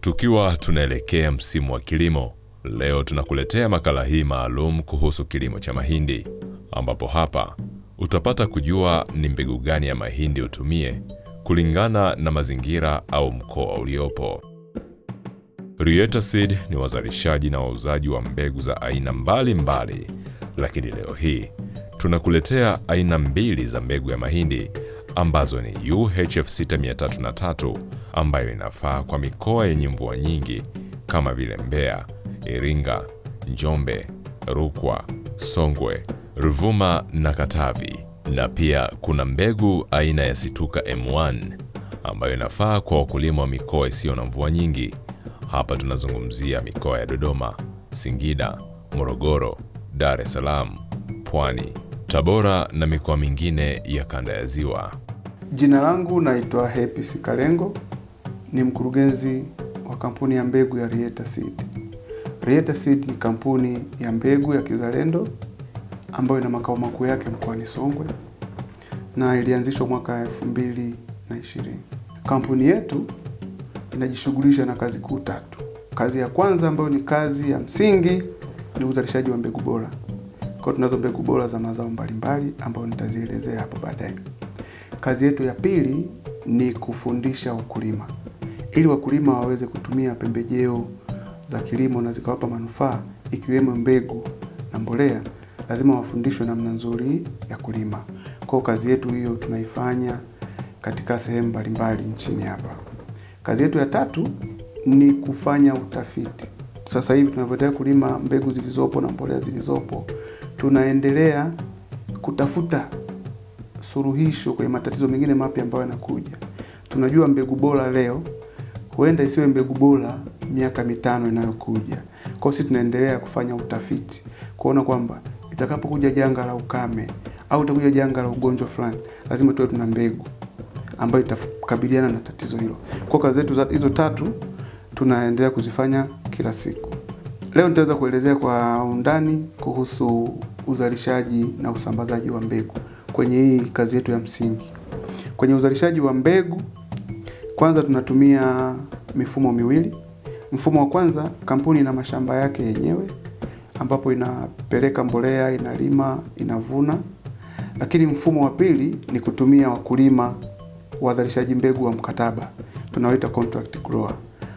Tukiwa tunaelekea msimu wa kilimo, leo tunakuletea makala hii maalum kuhusu kilimo cha mahindi, ambapo hapa utapata kujua ni mbegu gani ya mahindi utumie kulingana na mazingira au mkoa uliopo. Rieta Seed ni wazalishaji na wauzaji wa mbegu za aina mbalimbali mbali, lakini leo hii tunakuletea aina mbili za mbegu ya mahindi ambazo ni UHF6303 ambayo inafaa kwa mikoa yenye mvua nyingi kama vile Mbeya, Iringa, Njombe, Rukwa, Songwe, Ruvuma na Katavi. Na pia kuna mbegu aina ya Situka M1 ambayo inafaa kwa wakulima wa mikoa isiyo na mvua nyingi. Hapa tunazungumzia mikoa ya Dodoma, Singida, Morogoro, Dar es Salaam, Pwani Tabora na mikoa mingine ya kanda ya Ziwa. Jina langu naitwa Happy Sikalengo, ni mkurugenzi wa kampuni ya mbegu ya Rieta Seed. Rieta Seed ni kampuni ya mbegu ya kizalendo ambayo ina makao makuu yake mkoani Songwe na ilianzishwa mwaka 2020. Kampuni yetu inajishughulisha na kazi kuu tatu. Kazi ya kwanza ambayo ni kazi ya msingi ni uzalishaji wa mbegu bora. Kwa tunazo mbegu bora za mazao mbalimbali ambayo nitazielezea hapo baadaye. Kazi yetu ya pili ni kufundisha wakulima ili wakulima waweze kutumia pembejeo za kilimo na zikawapa manufaa ikiwemo mbegu na mbolea, lazima wafundishwe namna nzuri ya kulima. Kwa kazi yetu hiyo tunaifanya katika sehemu mbalimbali nchini hapa. Kazi yetu ya tatu ni kufanya utafiti. Sasa hivi tunavyoendelea kulima, mbegu zilizopo na mbolea zilizopo, tunaendelea kutafuta suluhisho kwenye matatizo mengine mapya ambayo yanakuja. Tunajua mbegu bora leo huenda isiwe mbegu bora miaka mitano inayokuja. Kwa hiyo sisi tunaendelea kufanya utafiti kuona kwamba itakapokuja janga la ukame au itakuja janga la ugonjwa fulani, lazima tuwe tuna mbegu ambayo itakabiliana na tatizo hilo. Kwa kazi zetu hizo tatu tunaendelea kuzifanya kila siku. Leo nitaweza kuelezea kwa undani kuhusu uzalishaji na usambazaji wa mbegu kwenye hii kazi yetu ya msingi. Kwenye uzalishaji wa mbegu, kwanza tunatumia mifumo miwili. Mfumo wa kwanza, kampuni ina mashamba yake yenyewe, ambapo inapeleka mbolea, inalima, inavuna. Lakini mfumo wa pili ni kutumia wakulima wazalishaji mbegu wa mkataba, tunaoita contract grower.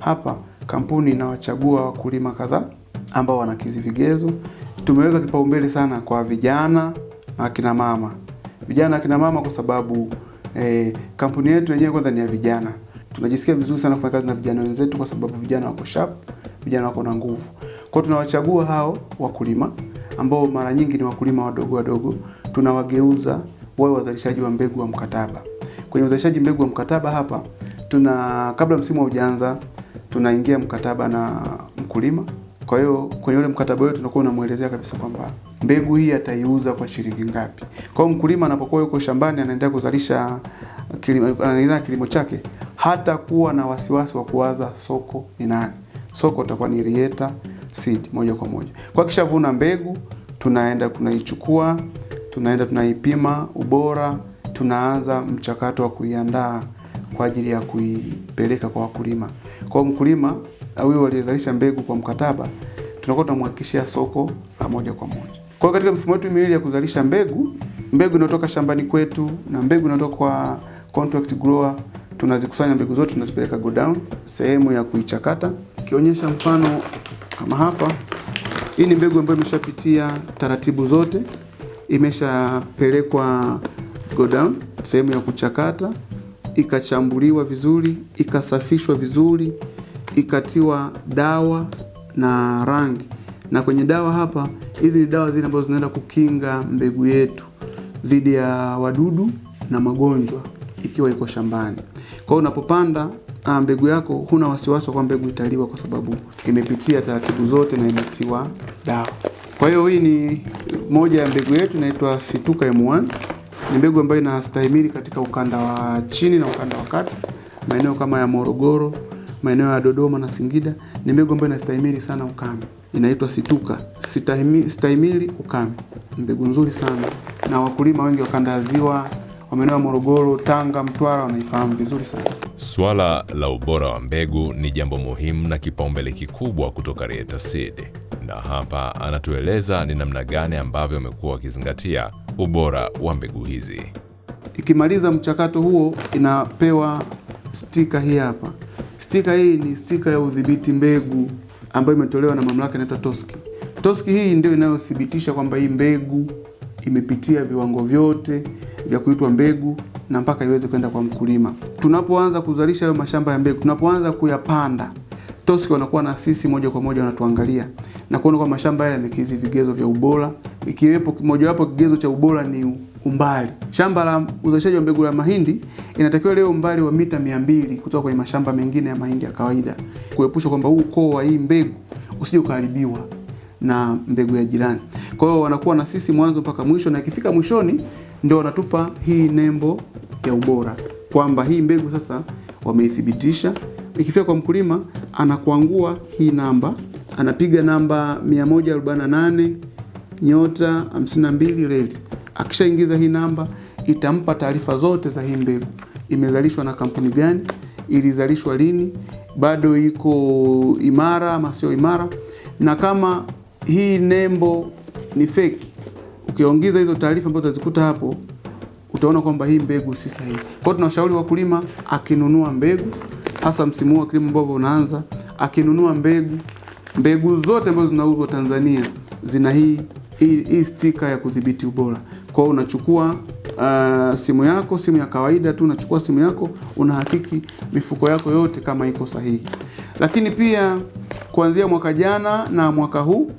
Hapa kampuni inawachagua wakulima kadhaa ambao wanakizi vigezo. Tumeweka kipaumbele sana kwa vijana na akina mama, vijana na akina mama kwa sababu eh, kampuni yetu yenyewe kwanza ni ya vijana. Tunajisikia vizuri sana kufanya kazi na vijana wenzetu kwa sababu vijana wako sharp, vijana wako na nguvu. Kwa tunawachagua hao wakulima ambao mara nyingi ni wakulima wadogo wadogo, tunawageuza wawe wazalishaji wa mbegu wa mkataba. Kwenye uzalishaji mbegu wa mkataba hapa tuna kabla msimu haujaanza tunaingia mkataba na mkulima. Kwa hiyo kwenye ule mkataba wetu tunakuwa unamwelezea kabisa kwamba mbegu hii ataiuza kwa shilingi ngapi. Kwa hiyo mkulima anapokuwa yuko shambani anaendelea kuzalisha kilimo, kilimo chake, hata kuwa na wasiwasi wa kuwaza soko ni nani. Soko itakuwa ni Rieta Seed moja kwa moja. Kwa kisha vuna mbegu, tunaenda tunaichukua, tunaenda tunaipima ubora, tunaanza mchakato wa kuiandaa kwa ajili ya kuipeleka kwa wakulima. Kwa mkulima yule aliyezalisha mbegu kwa mkataba, tunakuwa tunamhakikishia soko la moja kwa moja. Kwa katika mfumo wetu miwili ya kuzalisha mbegu, mbegu inayotoka shambani kwetu na mbegu inayotoka kwa contract grower, tunazikusanya mbegu zote tunazipeleka godown, sehemu ya kuichakata. Kionyesha mfano kama hapa, hii ni mbegu ambayo imeshapitia taratibu zote, imeshapelekwa godown, sehemu ya kuchakata ikachambuliwa vizuri, ikasafishwa vizuri, ikatiwa dawa na rangi. Na kwenye dawa hapa, hizi ni dawa zile ambazo zinaenda kukinga mbegu yetu dhidi ya wadudu na magonjwa ikiwa iko shambani. Kwa hiyo unapopanda ah, mbegu yako huna wasiwasi kwa mbegu italiwa kwa sababu imepitia taratibu zote na imetiwa dawa. Kwa hiyo hii ni moja ya mbegu yetu inaitwa Situka M1. Ni mbegu ambayo inastahimili katika ukanda wa chini na ukanda wa kati, maeneo kama ya Morogoro, maeneo ya Dodoma na Singida. Ni mbegu ambayo inastahimili sana ukame, inaitwa Situka, stahimili ukame. Mbegu nzuri sana, na wakulima wengi wa kanda ya ziwa wa maeneo ya Morogoro, Tanga, Mtwara wanaifahamu vizuri sana. Swala la ubora wa mbegu ni jambo muhimu na kipaumbele kikubwa kutoka Rieta Seed, na hapa anatueleza ni namna gani ambavyo wamekuwa wakizingatia ubora wa mbegu hizi. Ikimaliza mchakato huo, inapewa stika hii hapa. Stika hii ni stika ya udhibiti mbegu ambayo imetolewa na mamlaka inaitwa toski toski hii ndio inayothibitisha kwamba hii mbegu imepitia viwango vyote vya kuitwa mbegu na mpaka iweze kwenda kwa mkulima. Tunapoanza kuzalisha hayo mashamba ya mbegu, tunapoanza kuyapanda TOSCI wanakuwa na sisi moja kwa moja wanatuangalia na kuona kwa mashamba yale yamekidhi vigezo vya ubora, ikiwepo mojawapo kigezo cha ubora ni umbali. Shamba la uzalishaji wa mbegu la mahindi inatakiwa leo umbali wa mita 200 kutoka kwenye mashamba mengine ya mahindi ya kawaida, kuepusha kwamba huu ukoo wa hii mbegu usije ukaharibiwa na mbegu ya jirani. Kwa hiyo wanakuwa na sisi mwanzo mpaka mwisho, na ikifika mwishoni ndio wanatupa hii nembo ya ubora kwamba hii mbegu sasa wameithibitisha ikifika kwa mkulima anakuangua hii namba, anapiga namba 148 nyota 52 reli. Akishaingiza hii namba itampa taarifa zote za hii mbegu, imezalishwa na kampuni gani, ilizalishwa lini, bado iko imara ama sio imara, na kama hii nembo ni feki, ukiongeza hizo taarifa ambazo utazikuta hapo, utaona kwamba hii mbegu si sahihi. Kwa hiyo tunashauri wakulima akinunua mbegu hasa msimu wa kilimo ambavyo unaanza, akinunua mbegu, mbegu zote ambazo zinauzwa Tanzania zina hii hii, hii stika ya kudhibiti ubora. Kwa hiyo unachukua uh, simu yako, simu ya kawaida tu, unachukua simu yako, unahakiki mifuko yako yote kama iko sahihi. Lakini pia kuanzia mwaka jana na mwaka huu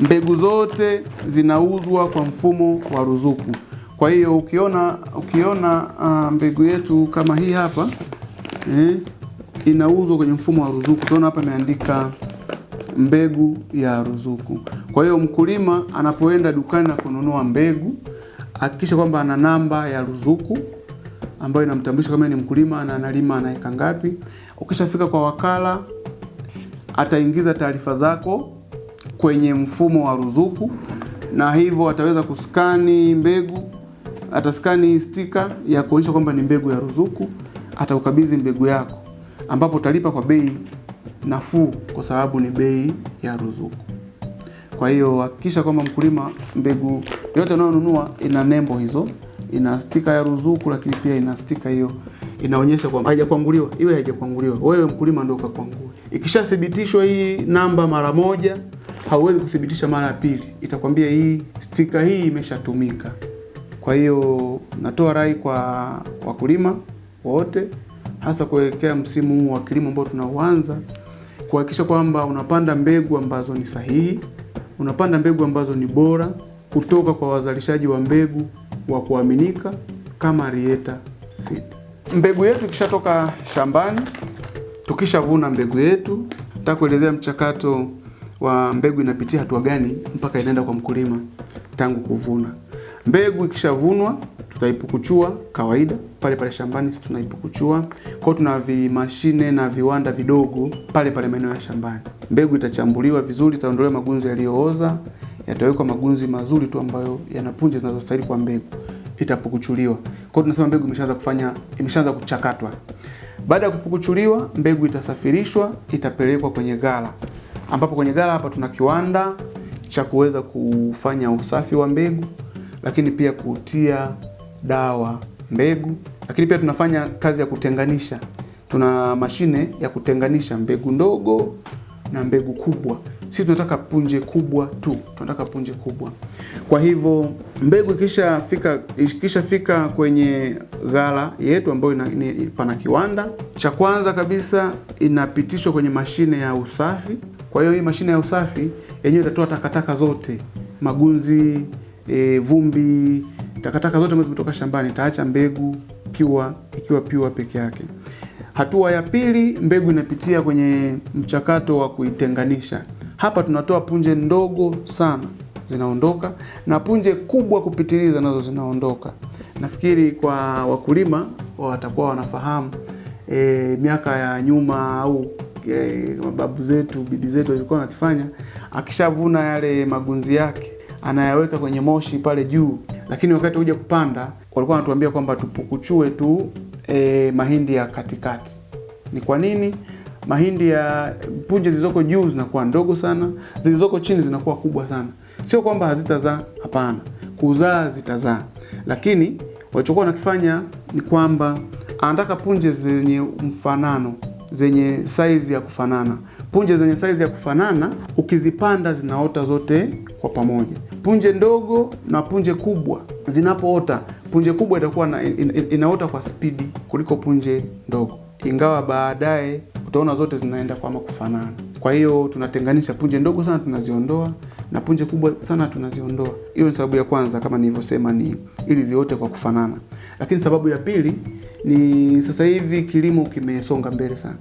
mbegu zote zinauzwa kwa mfumo wa ruzuku. Kwa hiyo ukiona ukiona uh, mbegu yetu kama hii hapa eh, inauzwa kwenye mfumo wa ruzuku. Tunaona hapa imeandika mbegu ya ruzuku. Kwa hiyo mkulima anapoenda dukani na kununua mbegu hakikisha kwamba ana namba ya ruzuku ambayo inamtambulisha kama ni mkulima na analima eka ngapi. Ukishafika kwa wakala, ataingiza taarifa zako kwenye mfumo wa ruzuku, na hivyo ataweza kuskani mbegu, ataskani stika ya kuonyesha kwamba ni mbegu ya ruzuku ataukabidhi mbegu yako, ambapo utalipa kwa bei nafuu, kwa sababu ni bei ya ruzuku. Kwa hiyo hakikisha kwamba mkulima, mbegu yote unayonunua ina nembo hizo, ina stika ya ruzuku, lakini pia ina stika hiyo inaonyesha kwamba haijakwanguliwa, iwe haijakwanguliwa, wewe mkulima ndio ukakwangua. Ikishathibitishwa hii namba mara moja, hauwezi kuthibitisha mara ya pili, itakwambia hii stika hii imeshatumika. Kwa hiyo natoa rai kwa wakulima wote, hasa kuelekea msimu huu wa kilimo ambao tunauanza, kuhakikisha kwamba unapanda mbegu ambazo ni sahihi, unapanda mbegu ambazo ni bora kutoka kwa wazalishaji wa mbegu wa kuaminika kama Rieta Seed. Mbegu yetu ikishatoka shambani, tukishavuna mbegu yetu, nitakuelezea mchakato wa mbegu inapitia hatua gani mpaka inaenda kwa mkulima tangu kuvuna. Mbegu ikishavunwa tutaipukuchua kawaida pale pale shambani, sisi tunaipukuchua kwao. Tuna vimashine na viwanda vidogo pale pale maeneo ya shambani. Mbegu itachambuliwa vizuri, itaondolewa magunzi yaliyooza, yatawekwa magunzi mazuri tu ambayo yana punje zinazostahili kwa mbegu, itapukuchuliwa. Kwao tunasema mbegu imeshaanza kufanya, imeshaanza kuchakatwa. Baada ya kupukuchuliwa, mbegu itasafirishwa, itapelekwa kwenye ghala, ambapo kwenye ghala hapa tuna kiwanda cha kuweza kufanya usafi wa mbegu, lakini pia kutia dawa, mbegu, lakini pia tunafanya kazi ya kutenganisha. Tuna mashine ya kutenganisha mbegu ndogo na mbegu kubwa. Sisi tunataka punje kubwa tu, tunataka punje kubwa. Kwa hivyo mbegu ikishafika ikishafika kwenye ghala yetu ambayo ina, ina, pana kiwanda cha kwanza kabisa inapitishwa kwenye mashine ya usafi. Kwa hiyo hii mashine ya usafi yenyewe itatoa takataka zote, magunzi, e, vumbi Takataka zote ambazo zimetoka shambani itaacha mbegu piwa ikiwa piwa peke yake. Hatua ya pili, mbegu inapitia kwenye mchakato wa kuitenganisha. Hapa tunatoa punje ndogo sana zinaondoka na punje kubwa kupitiliza nazo zinaondoka. Nafikiri kwa wakulima watakuwa wanafahamu e, miaka ya nyuma au e, mababu zetu bibi zetu walikuwa wanakifanya, akishavuna yale magunzi yake anayaweka kwenye moshi pale juu, lakini wakati huja kupanda walikuwa wanatuambia kwamba tupukuchue tu e, mahindi ya katikati. Ni kwa nini? Mahindi ya punje zilizoko juu zinakuwa ndogo sana, zilizoko chini zinakuwa kubwa sana. Sio kwamba hazitazaa, hapana, kuzaa zitazaa, lakini walichokuwa wanakifanya ni kwamba anataka punje zenye mfanano, zenye saizi ya kufanana. Punje zenye saizi ya kufanana ukizipanda zinaota zote kwa pamoja punje ndogo na punje kubwa zinapoota, punje kubwa itakuwa na, in, in, inaota kwa spidi kuliko punje ndogo, ingawa baadaye utaona zote zinaenda kwama kufanana. Kwa hiyo tunatenganisha punje ndogo sana tunaziondoa na punje kubwa sana tunaziondoa. Hiyo ni sababu ya kwanza, kama nilivyosema, ni ili ziote kwa kufanana. Lakini sababu ya pili ni sasa hivi kilimo kimesonga mbele sana.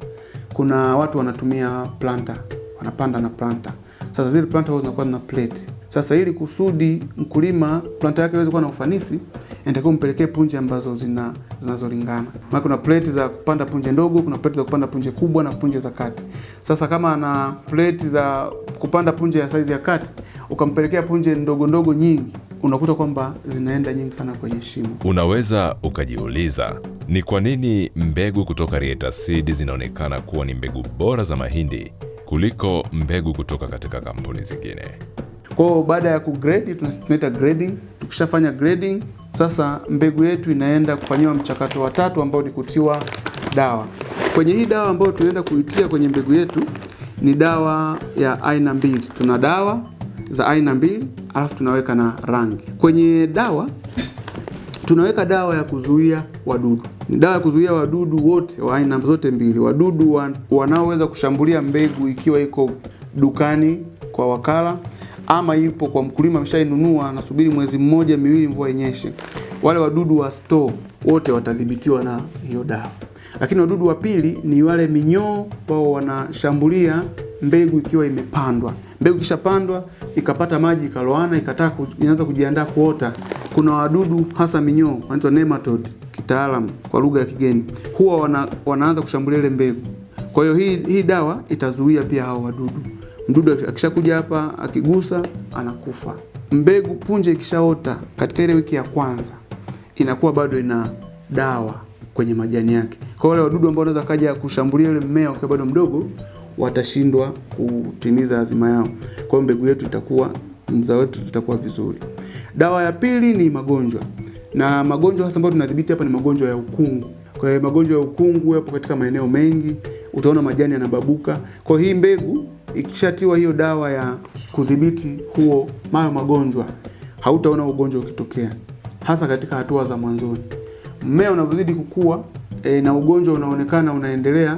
Kuna watu wanatumia planta, wanapanda na planta sasa zile planta huwa zinakuwa na plate. Sasa ili kusudi mkulima planta yake iweze kuwa na ufanisi, inatakiwa umpelekee punje ambazo zina zinazolingana. Maana kuna plate za kupanda punje ndogo, kuna plate za kupanda punje kubwa na punje za kati. Sasa kama ana plate za kupanda punje ya size ya kati, ukampelekea punje ndogo ndogo nyingi, unakuta kwamba zinaenda nyingi sana kwenye shimo. Unaweza ukajiuliza ni kwa nini mbegu kutoka Rieta Seed zinaonekana kuwa ni mbegu bora za mahindi kuliko mbegu kutoka katika kampuni zingine. Kwa baada ya kugrade tunaita grading. Tukishafanya grading, sasa mbegu yetu inaenda kufanyiwa mchakato wa tatu ambao ni kutiwa dawa. Kwenye hii dawa ambayo tunaenda kuitia kwenye mbegu yetu ni dawa ya aina mbili. Tuna dawa za aina mbili, alafu tunaweka na rangi. Kwenye dawa tunaweka dawa ya kuzuia wadudu. Ni dawa ya kuzuia wadudu wote wa aina zote mbili, wadudu wan, wanaoweza kushambulia mbegu ikiwa iko dukani kwa wakala ama ipo kwa mkulima ameshainunua, anasubiri mwezi mmoja miwili mvua inyeshe, wale wadudu wa store wote watadhibitiwa na hiyo dawa. Lakini wadudu wa pili ni wale minyoo, wao wanashambulia mbegu ikiwa imepandwa. Mbegu ikishapandwa ikapata maji ikaloana, ikataka inaanza kujiandaa kuota kuna wadudu hasa minyoo wanaitwa nematode kitaalamu kwa lugha ya kigeni, huwa wana, wanaanza kushambulia ile mbegu. Kwa hiyo hii, hii dawa itazuia pia hao wadudu. Mdudu akishakuja hapa akigusa anakufa. Mbegu punje ikishaota katika ile wiki ya kwanza inakuwa bado ina dawa kwenye majani yake. Kwa wale wadudu ambao wanaweza kaja kushambulia ile mmea ukiwa bado mdogo, watashindwa kutimiza azima yao. Kwa hiyo mbegu yetu itakuwa, mzao wetu itakuwa vizuri. Dawa ya pili ni magonjwa, na magonjwa hasa ambayo tunadhibiti hapa ni magonjwa ya ukungu. Kwa hiyo magonjwa ya ukungu yapo katika maeneo mengi, utaona majani yanababuka. Kwa hii mbegu ikishatiwa hiyo dawa ya kudhibiti huo mayo magonjwa, hautaona ugonjwa ukitokea, hasa katika hatua za mwanzoni. Mmea unavyozidi kukua e, na ugonjwa unaonekana unaendelea,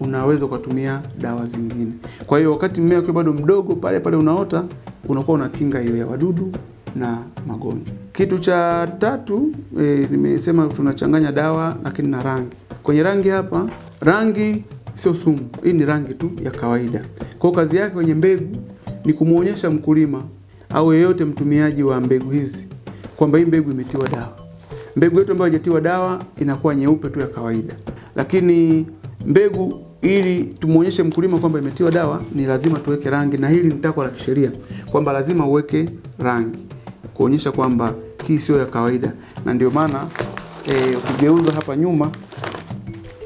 unaweza ukatumia dawa zingine. Kwa hiyo wakati mmea ukiwa bado mdogo, pale pale unaota, unakuwa una kinga hiyo ya wadudu na magonjwa. Kitu cha tatu e, nimesema tunachanganya dawa lakini na rangi. Kwenye rangi hapa, rangi sio sumu, hii ni rangi tu ya kawaida. Kwa kazi yake kwenye mbegu ni kumwonyesha mkulima au yeyote mtumiaji wa mbegu hizi kwamba hii mbegu imetiwa dawa. Mbegu yetu ambayo haijatiwa dawa inakuwa nyeupe tu ya kawaida, lakini mbegu ili tumwonyeshe mkulima kwamba imetiwa dawa ni lazima tuweke rangi, na hili ni takwa la kisheria kwamba lazima uweke rangi kuonyesha kwamba hii sio ya kawaida, na ndio maana e, ukigeuza hapa nyuma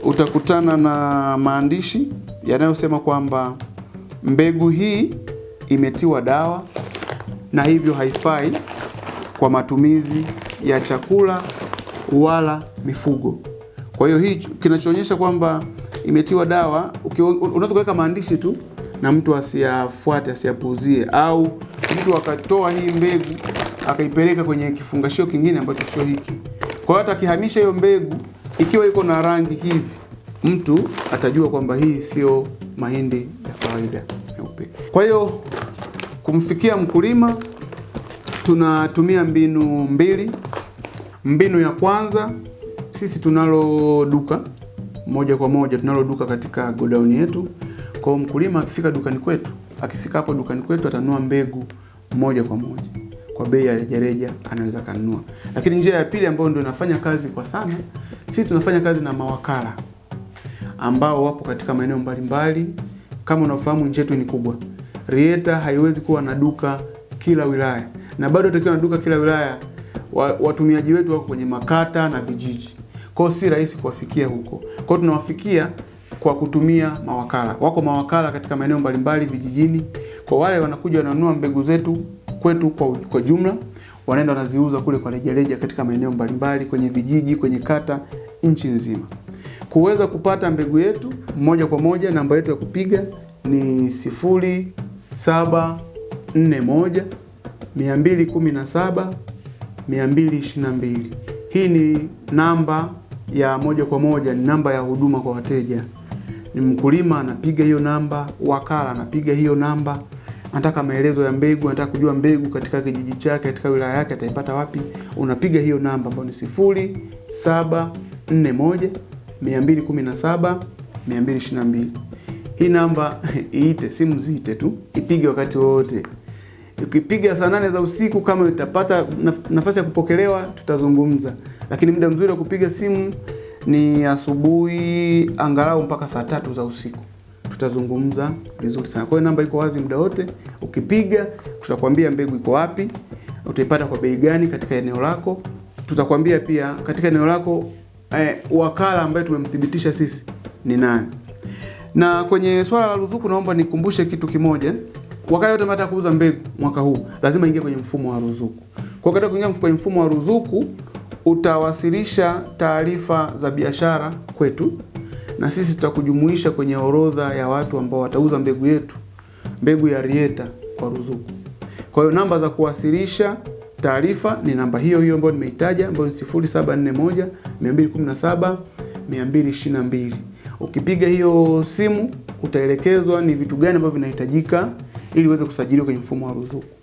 utakutana na maandishi yanayosema kwamba mbegu hii imetiwa dawa na hivyo haifai kwa matumizi ya chakula wala mifugo. Kwa hiyo hii kinachoonyesha kwamba imetiwa dawa, unaweza kuweka maandishi tu na mtu asiyafuate, asiyapuuzie, au mtu akatoa hii mbegu akaipeleka kwenye kifungashio kingine ambacho sio hiki. Kwa hiyo atakihamisha hiyo mbegu ikiwa iko na rangi hivi, mtu atajua kwamba hii sio mahindi ya kawaida meupe. Kwa hiyo kumfikia mkulima tunatumia mbinu mbili. Mbinu ya kwanza, sisi tunalo duka moja kwa moja, tunalo duka katika godown yetu. Kwa hiyo mkulima akifika dukani kwetu, akifika hapo dukani kwetu atanua mbegu moja kwa moja kwa bei ya rejareja anaweza kanunua. Lakini njia ya pili ambayo ndio inafanya kazi kwa sana, sisi tunafanya kazi na mawakala ambao wapo katika maeneo mbalimbali. Kama unafahamu nchi yetu ni kubwa, Rieta haiwezi kuwa na duka kila wilaya, na bado tukiwa na duka kila wilaya, watumiaji wetu wako kwenye makata na vijiji, kwao si rahisi kuwafikia huko. Kwa hiyo tunawafikia kwa kutumia mawakala. Wako mawakala katika maeneo mbalimbali vijijini, kwa wale wanakuja wananunua mbegu zetu kwetu kwa, kwa jumla wanaenda wanaziuza kule kwa rejareja katika maeneo mbalimbali, kwenye vijiji, kwenye kata, nchi nzima. Kuweza kupata mbegu yetu moja kwa moja, namba yetu ya kupiga ni 0741 222. Hii ni namba ya moja kwa moja, ni namba ya huduma kwa wateja. Ni mkulima anapiga hiyo namba, wakala anapiga hiyo namba anataka maelezo ya mbegu, anataka kujua mbegu katika kijiji chake, katika wilaya yake ataipata wapi, unapiga hiyo namba ambayo ni sifuri saba nne moja mia mbili kumi na saba mia mbili ishirini na mbili. Hii namba iite, simu ziite tu, ipige wakati wote. Ukipiga saa nane za usiku kama utapata nafasi ya kupokelewa, tutazungumza, lakini muda mzuri wa kupiga simu ni asubuhi, angalau mpaka saa tatu za usiku tutazungumza vizuri sana. Kwa hiyo namba iko wazi muda wote, ukipiga tutakwambia mbegu iko wapi, utaipata kwa bei gani katika eneo lako. Tutakwambia pia katika eneo lako eh, wakala ambaye tumemthibitisha sisi ni nani. Na kwenye swala la ruzuku, naomba nikumbushe kitu kimoja. Wakala yote anataka kuuza mbegu mwaka huu lazima ingie kwenye mfumo wa ruzuku. Kwa hiyo kuingia kwenye mfumo wa ruzuku, utawasilisha taarifa za biashara kwetu na sisi tutakujumuisha kwenye orodha ya watu ambao watauza mbegu yetu, mbegu ya Rieta kwa ruzuku. Kwa hiyo namba za kuwasilisha taarifa ni namba hiyo hiyo ambayo nimeitaja ambayo ni 0741 217 222. Ukipiga hiyo simu utaelekezwa ni vitu gani ambavyo vinahitajika ili uweze kusajiliwa kwenye mfumo wa ruzuku.